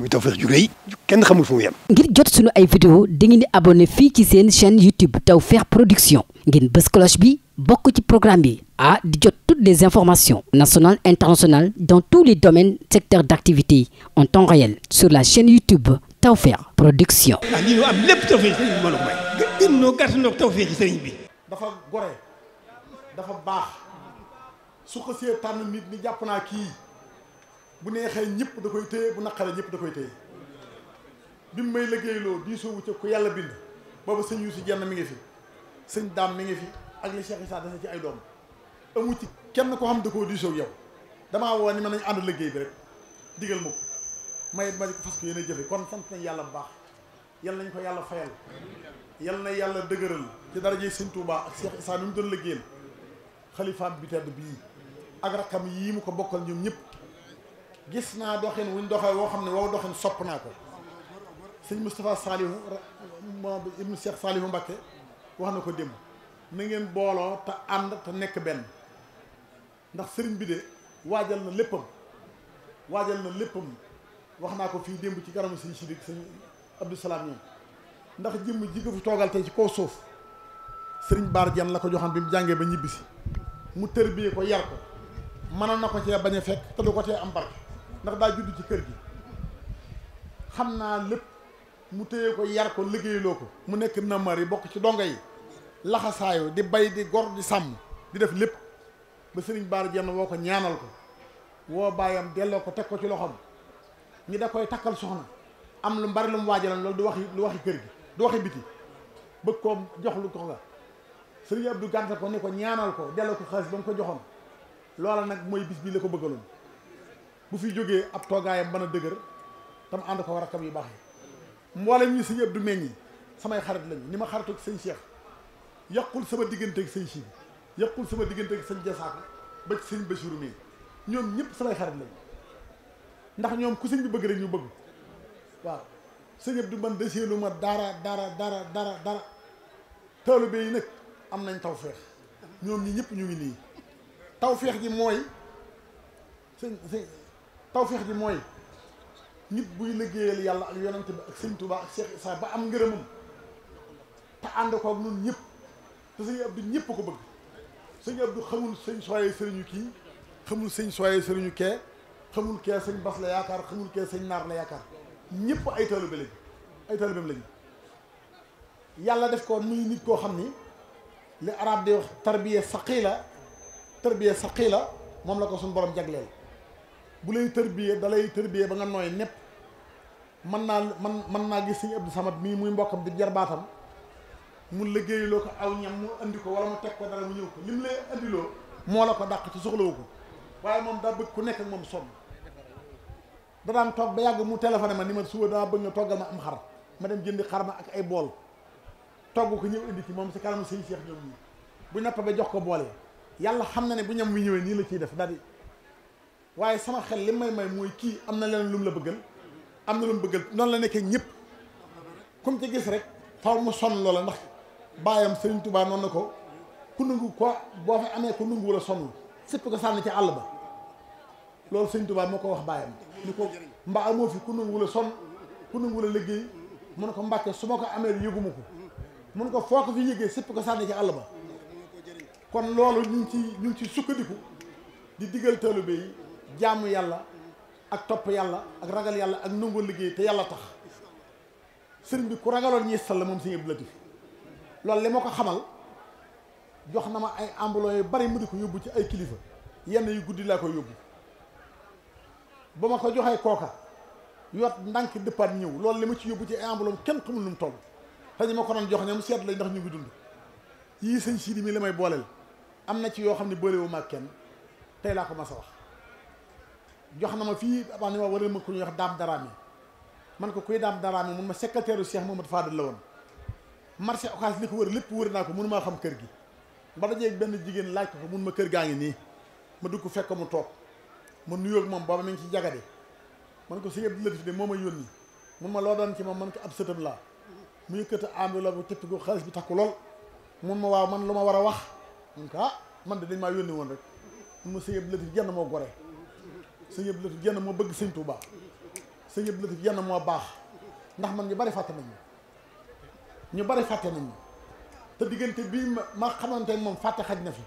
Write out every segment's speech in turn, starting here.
muy Tawfekh ju rëy kenn xamul fu mu yem. ngir jot sunu ay vidéo dangeen di abonné fii ci seen chaîne YouTube Tawfekh Production ngeen bës bi bokk ci programme bi ah di jot toutes les informations nationales internationales dans tous les domaines secteurs d'activité en temps réel sur la chaîne YouTube Tawfekh Production. ah lii ñu am lépp Tawfekh sëriñ bi mën a bi. dafa gore dafa baax su ko see tànn nit ñi jàpp naa kii. bu neexee ñëpp da koy téye bu naqaree ñëpp da koy téye bi mu may liggéeyloo diisoo wu ca ku yàlla bind booba sëñ Yuusu Jenn mi ngi fi sëñ daam mi ngi fi ak li Cheikh Issa dese ci ay doom amu ci kenn koo xam da koo diisoo yow damaa woo ni man nañu ànd liggéey bi rek digal ma ko may ma ko fas ko yéene jëfe kon sant nañ yàlla bu baax yal nañ ko yàlla fayal yal na yàlla dëgëral ci darajee sëñ Touba ak Cheikh Issa mi mu doon liggéeyal xalifaam bi tedd bii ak rakkam yii mu ko bokkal ñoom ñëpp gis naa doxin wuñ doxee woo xam ne wow doxin sopp naa ko sëñ Moustapha Salihu moom ibnu Cheikh Salihu Mbacké wax na ko démb na ngeen booloo te ànd te nekk benn ndax sëriñ bi de waajal na léppam waajal na léppam wax naa ko fii démb ci garamu sëñ Sidik sëñ Abdou Salaam ñoom ndax jëmm ji ko fi toogal tey ci kaw suuf sëriñ Baar Jeen la ko joxoon bi mu jàngee ba ñibbisi mu tërbiyee ko yar ko mënoon na ko cee bañ a fekk te du ko cee am barke ndax daa judd ci kër gi xam naa lépp mu téye ko yar ko liggéeyloo ko mu nekk namar yi bokk ci dongo yi laxasaayo di bay di gor di sàmm di def lépp ba sëriñ baar jenn woo ko ñaanal ko woo bàyyam delloo ko teg ko ci loxoom ñi da koy takkal soxna am lu mbari lu mu waajalan loolu du waxi du waxi kër gi du waxi biti bëgg koo jox lu ko nga sëriñ Abdou gàntal ko ni ko ñaanal ko delloo ko xaalis ba mu ko joxoon loola nag mooy bis bii la ko bëggaloon bu fi jógee ab toogaayam mën a dëgër tam ànd ko war akam yu baax yi mboolem ñi sëñ Abdou meññi samay xarit lañu ni ma xaritoog sëñ Cheikh yàqul sama digganteeg sëñ si Chine yàqul sama digganteeg sëñ Jasaaka ba sëñ Bachirou mii ñoom ñëpp samay xarit lañu ndax ñoom ku sëñ bi bëgg rek ñu bëgg waaw sëñ Abdou man deseelu ma dara dara dara dara dara taalibe yi nag am nañ tawféex ñoom ñi ñëpp ñu ngi nii tawféex ji mooy sëñ sëñ tawféex ji mooy nit buy liggéeyal yàlla ak yonent bi ak sëñ Tuubaa ak Cheikh Issa ba am ngërëmam te ànd koog ñun ñëpp te sëñ Abdou ñëpp ko bëgg sëñ Abdou xamul sëñ sooyee sëriñu kii xamul sëñ sooyee sëriñu kee xamul kee sëñ Bas la yaakaar xamul kee sëñ Naar la yaakaar ñëpp ay taalibe lañ ay taalibeem lañ yàlla def ko muy nit koo xam ni li arab di wax la saqiila tarbiya saqiila moom la ko suñ borom jagleel. bu lay tërbiyee da lay tërbiyee ba nga nooy nepp mën naa man man naa gis sëñ Abdou Samad mii muy mbokkam di jarbaatam mu liggéeyloo ko aw ñam mu indi ko wala mu teg ko dara mu ñëw ko lim lay andiloo moo la ko dàq ci soxlawu ko waaye moom daa bëgg ku nekk ak moom sonn da daan toog ba yàgg mu téléphoné ma ni ma suba daa bëgg nga toggal ma am xar ma dem jëndi xar ma ak ay bool togg ko ñëw indi ci moom si kanamu sëñ Cheikh ñoom ñii bu napp ba jox ko boole yàlla xam na ne bu ñam wi ñëwee nii la ciy def daal waaye sama xel li may may mooy kii am na leneen lu mu la bëggal am na lu mu bëggal noonu la nekkee ñëpp comme ci gis rek faw mu sonn loola ndax baayam Serigne Touba noonu na ko ku nangu ko boo fa amee ku nangu wala sonn sëpp sànni ci àll ba loolu Serigne moo ko wax baayam ni ko mbaa amoo fi ku nangu wala sonn ku nangu liggéey mu ne ko mbàkke su ma ko amee yëguma ko mu ne ko foo ko fi yëgee sëpp ko sànni ci àll ba kon loolu ñu ngi ci ñu ngi ci sukkandiku di digal taalibe yi jaamu yàlla ak topp yàlla ak ragal yàlla ak nangoo liggéey te yàlla tax sëriñ bi ku ragaloon ñuy sal la moom sëñ Abdou Latif loolu li ma ko xamal jox na ma ay ambuloo yu bari mu di ko yóbbu ci ay kilifa yenn yu guddi laa koy yóbbu ba ma ko joxee kooka yot ndànk dëppaat ñëw loolu li ma ci yóbbu ci ay ambuloo kenn xamul nu mu toll te ñu ma ko doon jox ñoom seet lañ ndax ñu ngi dund yii sëñ Sidi mi li may booleel am na ci yoo xam ne boolewuma ak tey laa ko mas a jox na ma fii avant ni ma waree ma ko ñuy wax daam daraam yi man ko kuy daam daraam yi mun ma secrétaire u Cheikh Mamadou Fadel la woon marché occas li ko wër lépp wër naa ko mënumaa xam kër gi ba dajeeg benn jigéen laaj ko ko mun ma kër gaa ngi nii ma dugg fekk mu toog ma nuyoo moom booba mi ngi ci jagade man ko sëñ Abdou Latif de moo ma yónni mun ma loo doon ci moom man ko ab sëtam laa mu yëkkati enveloppe bu tëpp ko xaalis bi takku lool mun ma waaw man lu ma war a wax mun ko ah man de dañ maa yónni woon rek mun ma sëñ Abdou Latif moo gore sëñ Abdou Latif moo bëgg sëñ Touba sëñ Abdou Latif Jenn moo baax ndax man ñu bari fàtte nañu ñu bari fàtte nañu te diggante bii ma xamante moom fàtte xaj na fi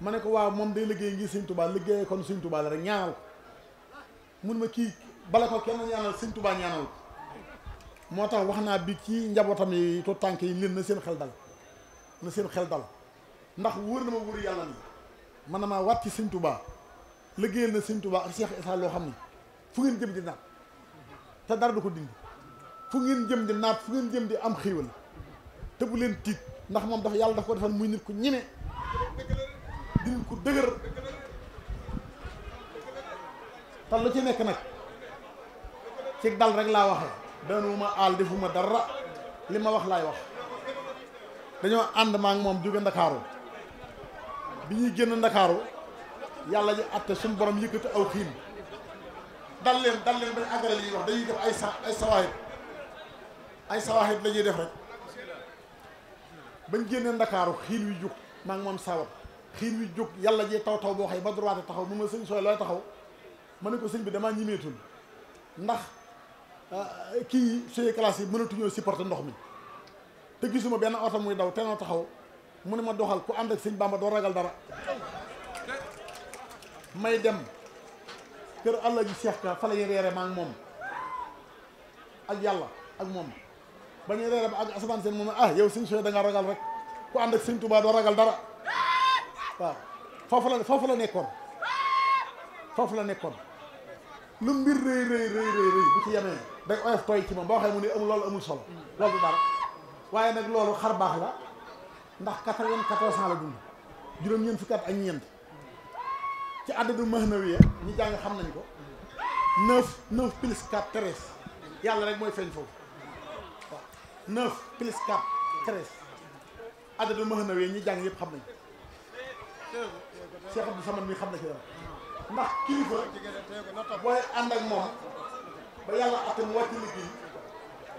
ma ne ko waa moom de liggéey ngir sëñ Touba liggéey kon sëñ Touba la rek ñaanal mun ma kii bala ko kenn ñaanal sëñ Touba ñaanal ko moo tax wax naa bi ci njabootam yi to tànk yi leen na seen xel dal na seen xel dal ndax wóor na ma wóor yàlla ni man na maa ci sëñ Touba liggéeyal na sëñ Tuubaa ak Cheikh Issa loo xam ni fu ngeen jëm di naat te dara du ko dindi fu ngeen jëm di naat fu ngeen jëm di am xiiwal te bu leen tiit ndax moom dafa yàlla daf ko defal muy nit ku ñeme di nit ku dëgër te lu ci nekk nag ci dal rek laa waxee danuma aal ma dara li ma wax laay wax dañoo ànd maa ngi moom jóge ndakaaru bi ñuy génn ndakaaru yàlla ji atte suñu borom yëkkati aw xiin dal leen dal leen bañ agara li ñuy wax dañuy def ay sa ay sawaahit ay sawaahit la ñuy def rek bañ génnee ndakaaru xiin wi jóg maa ngi moom sawar xiin wi jóg yàlla ji taw taw boo xëy ba droite taxaw mu ma sëñ sooy looy taxaw mu ne ko sëñ bi damaa ñimeetul ndax ah, kii suñu classe yi mënatuñoo supporter ndox mi te gisuma benn oto muy daw te noo taxaw mu ne ma doxal ku ànd ak sëñ Bamba doo ragal dara may dem kër allah ji seex ka fa la ñuy reere ma moom ak yàlla ak moom ba ñuy reere ba ak asamaan seen moom ah yow sëñ sooy da ragal rek ku ànd ak sëñ Tuubaa doo ragal dara waaw foofu la foofu la nekkoon foofu la nekkoon lu mbir rëy rëy rëy rëy bu ci yemee day oyof tooy ci moom boo waxee mu ne amul loolu amul solo loolu du dara waaye nag loolu xar baax la ndax quatre-vingt-quatorze ans la dund juróom-ñeent fukki at ak ñeent ci àddadu mahnawiya ñi jàng xam nañ ko neuf neuf plus quatre treize yàlla rek mooy feeñ foofu waaw neuf plus quatre treize àddadu mahnawiya ñi jàng yëpp xam nañ Cheikh Abdou Samad mi xam na ci dara ndax kilifa booy ànd ak moom ba yàlla atte mu wàcc liggéey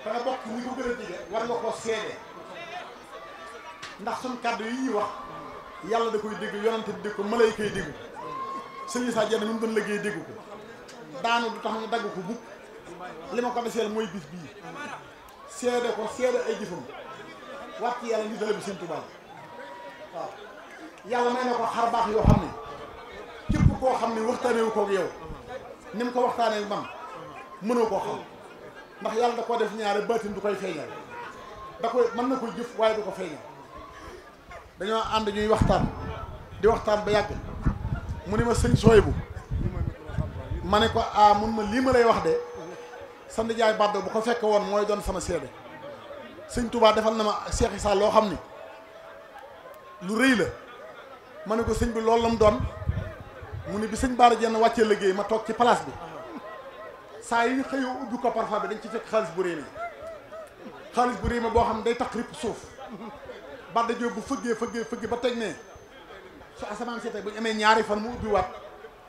da nga bokk ñi ko gën a jege war nga koo seede ndax suñ kàddu yi ñuy wax yàlla da koy dégg yonante di dégg ko malayka yi dégg sëñ Issa Dieng mi mu doon liggéey dégg ko daanu du tax ñu dagg ko bukk li ma ko deseel mooy bis bii seede ko seede ay jëfam wax ci yàlla ngi dale bi seen tubaab waaw yàlla may na ko xar baax yoo xam ne képp koo xam ne waxtaanewu koog yow ni mu ko waxtaanee man mënoo koo xam ndax yàlla da koo def ñaare baatin du koy feeñal da koy mën na koy jëf waaye du ko feeñal dañoo ànd ñuy waxtaan di waxtaan ba yàgg mu ni ma sëñ bu ma ne ko ah mun ma lii ma lay wax de sand jaay baddo bu ko fekk woon mooy doon sama seede sëñ Touba defal na ma Cheikh Issa loo xam ni lu rëy la ma ne ko sëñ bi loolu la mu doon mu ne bi sëñ Bara Dieng wàccee liggéey ma toog ci place bi saa yi ñu xëyoo ubbi ko bi dañ ci fekk xaalis bu rëy mi xaalis bu rëy mi boo xam ne day tax ripp suuf badda joob bu fëggee fëggee fëggee ba teg ne su asamaan seetee bu ñu amee ñaari fan mu ubbi waat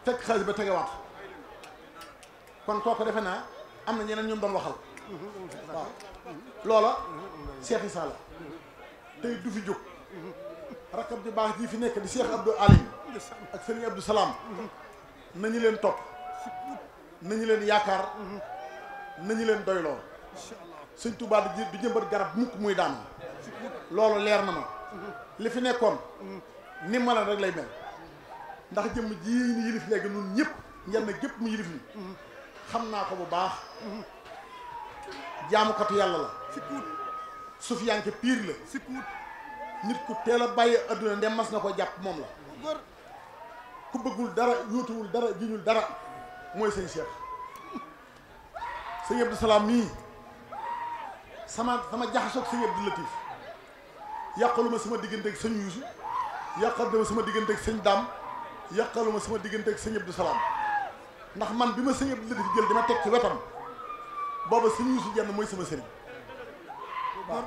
fekk xaalis ba tegewaat kon kooku defe naa am na ñeneen ñoom doon waxal waaw loola Cheikh Issa la tey du fi jóg rakab di baax ji fi nekk di Cheikh Abdou Alim ak Serigne Abdou Salaam nañu leen topp nañu leen yaakaar nañu leen doyloo Sëñ Tuubaa du jëmbat garab mukk muy daan loolu leer na ma li fi nekkoon ni meloon rek lay mel ndax jëmm ji ñu yilif léegi nun ñëpp njenn gépp mu yilif ni xam naa ko bu baax jaamukatu yàlla la sikkuut sufiyanke piir la sikkuut nit ku teel a bàyyi adduna ndem mas na ko jàpp moom la ku bëggul dara yóotuwul dara jiñul dara mooy sëñ Cheikh sëñ Abdou Salaam mii sama sama jaxasoog sëñ Abdou Latif yàqulu ma sama diggante ak sëñ Yuusu yàqal dama sama diggante ak sëñ daam yàqaluma sama diggante ak sëñ Abdou Salaam ndax man bi ma sëñ Abdou Latif jël dama teg ci wetam booba sëñ Yuusu Jenn mooy sama sëriñ waaw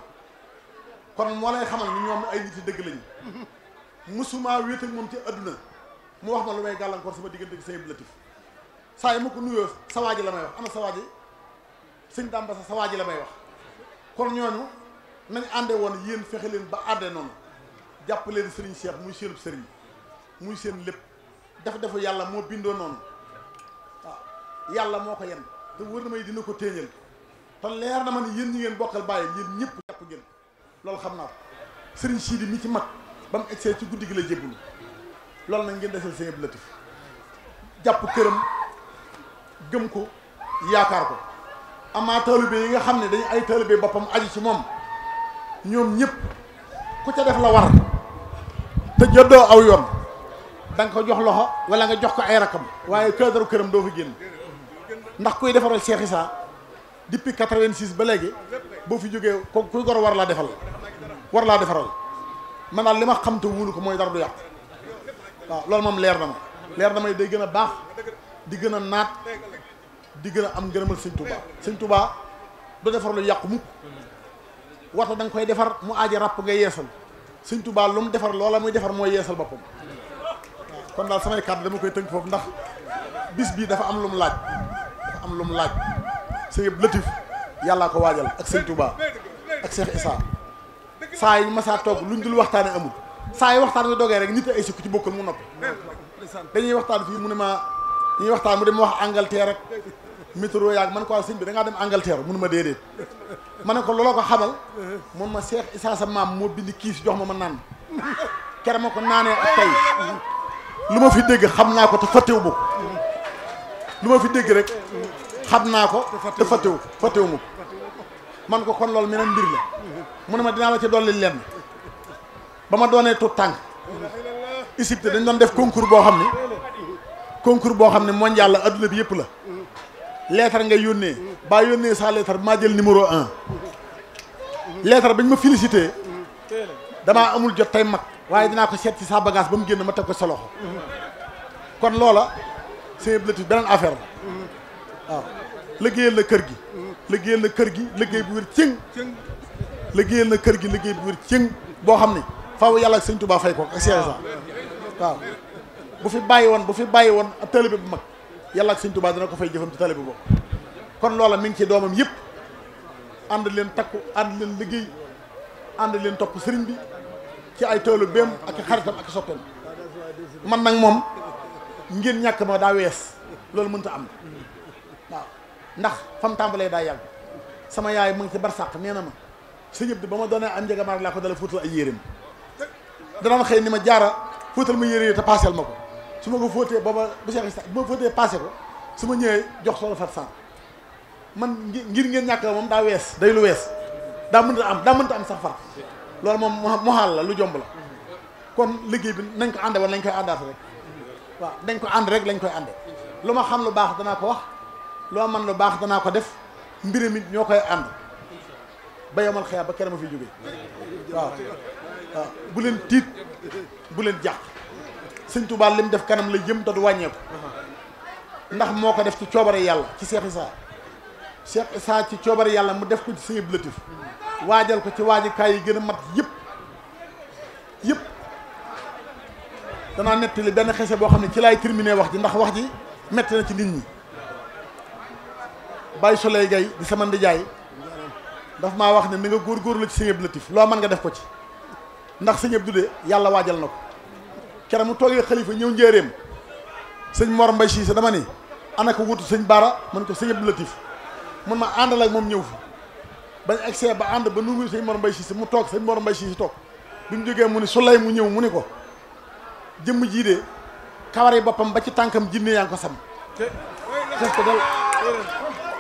kon moo lay xamal ni ñoom ay nit yi dëgg lañu musuma wéet ak moom ci àdduna mu wax ma lu may gàllankoor sama diggante ak sëñ Abdou Latif saa yi ma ko nuyoo sa waa ji la may wax ana sa waa ji sëñ daam ba sa sa waa ji la may wax kon ñooñu nañ ànde woon yéen fexe leen ba àddee noonu jàpp leen sëriñ Cheikh muy seenub sëriñ muy seen lépp def defu yàlla moo bindoo noonu waaw yàlla moo ko yen te wër na may dina ko téeñal te leer na ma ne yéen ñi ngeen bokkal bàyyi yéen ñëpp jàpp ngeen loolu xam naa ko sëriñ di mi ci mag ba mu egsee ci guddi gi la jébbalu loolu nag ngeen desal seen latif jàpp këram gëm ko yaakaar ko amaa taalibe yi nga xam ne dañu ay taalibe boppam aju ci moom ñoom ñépp ku ca def la war jëddoo aw yoon da nga ko jox loxo wala nga jox ko ay rakam waaye cadre këram doo fa génn ndax kuy defaral Cheikh Issa depuis quatre-vingt-six ba léegi boo fi jógee ko kuy gor war laa defal war laa defaral man daal li ma xam te wóolu ko mooy dara du yàq waaw loolu moom leer na leer na ma day gën a baax di gën a naat di gën a am ngërëmal sëñ Touba sëñ Touba du defar lu yàqu mukk waxta da nga koy defar mu aaji ràpp nga yeesal sëñ Tuubaa lu mu defar loola muy defar moo yeesal boppam waaw kon daal samay kàddu dama koy tënk foofu ndax bis bii dafa am lu mu laaj dafa am lu mu laaj sëñ Latif yàllaa ko waajal ak sëñ Tuubaa ak Cheikh Issa saa yi masaa toog luñ dul waxtaane amul saa yi waxtaan bi dogee rek nit ay sukk ci bokkul mu noppi dañuy waxtaan fii mu ne ma dañuy waxtaan mu dem wax Angleterre rek météo yaag man quoi sëñ bi da dem Angleterre mu ne ma déedéet ma ne ko looloo ko xamal mun ma seex isaa sa maam moo bind kiis jox ma ma naan kere ma ko naanee ak tey lu ma fi dégg xam naa ko te fàttewu ma ma fi dégg rek xam naa ko te fàttewu fàttewu ma ko man ko kon loolu meneen mbir la mu ne ma dinaa la ci dolli lem ba ma doonee tut tànk Égypte dañ doon def concours boo xam ne concours boo xam ne mondial la adduna bi yëpp la lettre nga yónnee baa yónnee sa lettre maa jël numéro un lettre bañ ma félicité damaa amul jot tey mag waaye dinaa ko seet ci sa bagage ba mu génn ma teg ko sa loxo kon loola c'est beneen affaire la waaw liggéeyal na kër gi liggéeyal na kër gi liggéey bu wér cëng liggéeyal na kër gi liggéey bu wér cëng boo xam ne faaw yàlla ak sëñ Tuubaa fay ko ak seesa waaw bu fi bàyyi woon bu fi bàyyi woon ab taalibe bu mag yàlla ak sëñ Tuubaa dana ko fa jëfam ci tali bi boobu kon loola mi ngi ci doomam yëpp ànd leen takku ànd leen liggéey ànd leen topp sëriñ bi ci ay toolu béem ak xaritam ak soppeem man nag moom ngir ñàkk ma daa wees loolu mënta am waaw ndax fam tàmbalee daa yàgg sama yaay mu ngi ci barsàq nee na ma sëñ bi ba ma doonee am njëgamaar laa ko dala fóotal ay yéreem dana ma xëy ni ma jaara fóotal ma yére yi te paaseel ma ko su ma ko fóotee booba ba Cheikh Issa bu ma fóotee passé ko su ma ñëwee jox soxna Fatou Sarr man ngir ngeen ñàkk moom daa wees day lu wees daa mënta am daa mënta am sax far loolu moom moxaal la lu jomb la kon liggéey bi nañ ko ànde wala nañ koy àndaat rek waaw dañ ko ànd rek lañ koy ànde lu ma xam lu baax danaa ko wax loo man lu baax danaa ko def mbir mi ñoo koy ànd ba yomal xeyaa ba kenn ma fi jógee waaw waaw bu leen tiit bu leen jàq sëñ Touba li def kanam la jëm te du wàññeeku ndax moo ko def ci coobare yàlla ci Cheikh Issa Cheikh ci coobare yàlla mu def ko ci sëñ Abdou waajal ko ci waajukaay yi gën a mat yëpp yëpp danaa nettali benn xese boo xam ne ci laay terminé wax ji ndax wax ji metti na ci nit ñi Baye Soleil Gaye di sama ndijaay daf maa wax ne ni nga góorgóorlu ci sëñ Abdou Latif loo mën nga def ko ci ndax sëñ Abdou de yàlla waajal na ko kere mu toogee xalifa ñëw njéeréem sëñ Mor Mbay Siise dama ni ana ko wutu sëñ Baara man ko sëñ Abdou mun ma àndal ak moom ñëw fi bañ agsee ba ànd ba nungu sëñ Mor Mbay Siise mu toog sëñ Mor Mbay Siise toog bi mu jógee mu ni Souley mu ñëw mu ni ko jëmm jii de kawar yi boppam ba ci tànkam jinne yaa ko sam ko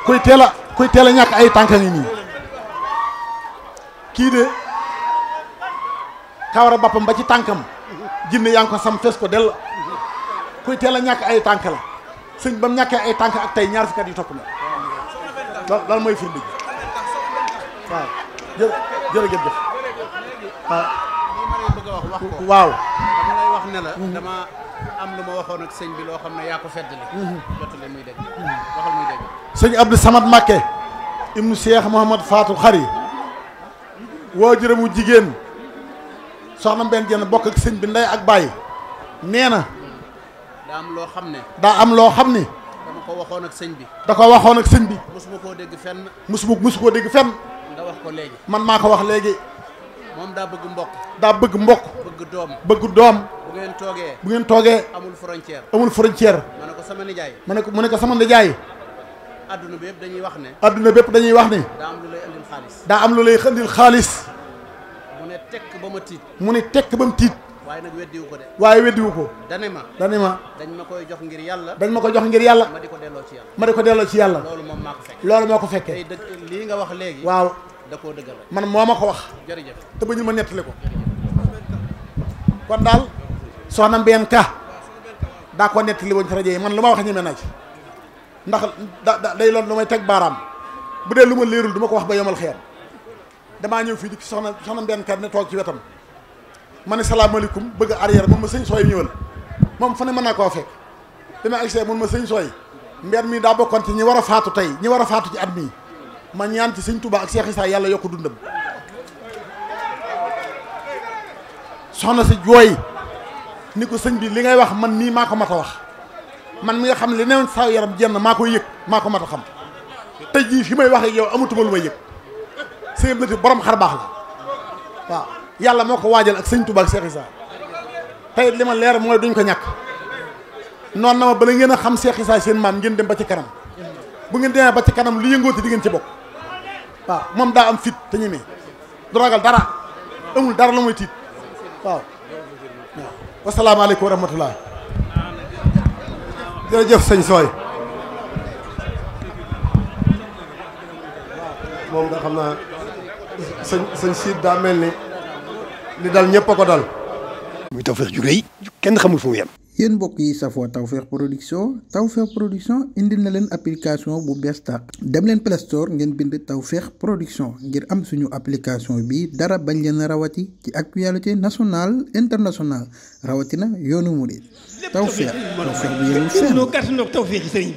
kuy teel a kuy teel a ñàkk ay tànka ngi nii kii de kawar boppam ba ci tànkam jinne yaa ko sam fees ko dell kuy teel a ñàkk ay tànke la sëñ ba mu ñàkkee ay tànk ak tey ñaar fukki at yu topp na loolu mooy firnde ji waaw jë jërëjëf lay wax ne la. dama am lu ma waxoon sëñ bi loo xam ne yaa ko feddali. Mhm. jottali muy dégg. waxal muy jigéen. soxna mbenn jenn bokk ak sëñ bi ndey ak bàyyi nee na daa am loo xam ne daa am loo xam ne dama waxoon ak sëñ bi da ko waxoon ak sëñ bi musuma koo dégg fenn musuma musu koo dégg fenn nga wax ko léegi man maa ko wax léegi moom daa bëgg mbokk daa bëgg mbokk bëgg doom bëgg doom bu ngeen toogee bu ngeen toogee amul frontière amul frontière ma ne ko sama nijaay ma ne ko mu ne ko sama nijaay adduna bépp dañuy wax ne adduna bépp dañuy wax ne daa am lu lay andil xaalis tekk ba ma tiit. mu ni tekk ba mu tiit. waaye nag weddiwu ko de. waaye weddiwu ko. dani ma dani ma. dañ ma koy jox ngir yàlla. dañ ma ko jox ngir yàlla. ma di ko delloo ci yàlla. ma di ko delloo ci yàlla. loolu moom maa ko fekkee. loolu moo ko fekkee. tey dëgg lii nga wax waaw da koo dëggal. man moo ma ko wax. jërëjëf te ba ñu ma nettali ko. kon daal soxna Mbène Ka daa ko nettali woon ci rajo yi man lu ma wax ñeme na ci ndax da day loolu lu may teg baaraam bu dee lu ma leerul du ma ko wax ba yomal xeer damaa ñëw fii di soxna soxna benn kat ne toog ci wetam ma ne salaamaaleykum bëgg arrière moom ma sëñ sooy ñëwal moom fa ne mën naa koo fekk ma egsee mun ma sëñ sooy mbeer mi daa bokkoon ci ñi war a faatu tey ñi war a faatu ci at mii ma ñaan ci sëñ Tuubaa ak Seex Isaa yàlla yokk dundam soxna si jooy ni ko sëñ bi li ngay wax man nii maa ko mat a wax man mi nga xam li newoon saa yaram jenn maa koy yëg maa ko mat a xam te jii fi may wax ak yow amatuma lu may yëg sëñ Latif borom xar baax la waaw yàlla moo ko waajal ak sëñ Touba ak Cheikh li ma leer mooy duñ ko ñàkk noon na ma bala ngeen a xam Cheikh Issa seen maam ngeen dem ba ci kanam bu ngeen demee ba ci kanam lu yëngooti di ngeen ci bokk waaw moom daa am fit te ñemee du ragal dara amul dara la muy tiit waaw waaw wasalaamaaleykum wa rahmatullah jërëjëf sëñ sooy sëñ sëñ siit daa mel ni dal ñëpp ko dal. muy Tawfekh ju kenn xamul fu mu yem. yéen mbokk yi safoo Tawfekh production Tawfekh production indil na leen application bu bees tàq dem leen Play Store ngeen bind Tawfekh production ngir am suñu application bi dara bañ leen rawati ci actualité national international rawatina yoonu mu de Tawfekh Tawfekh bu yemul fenn.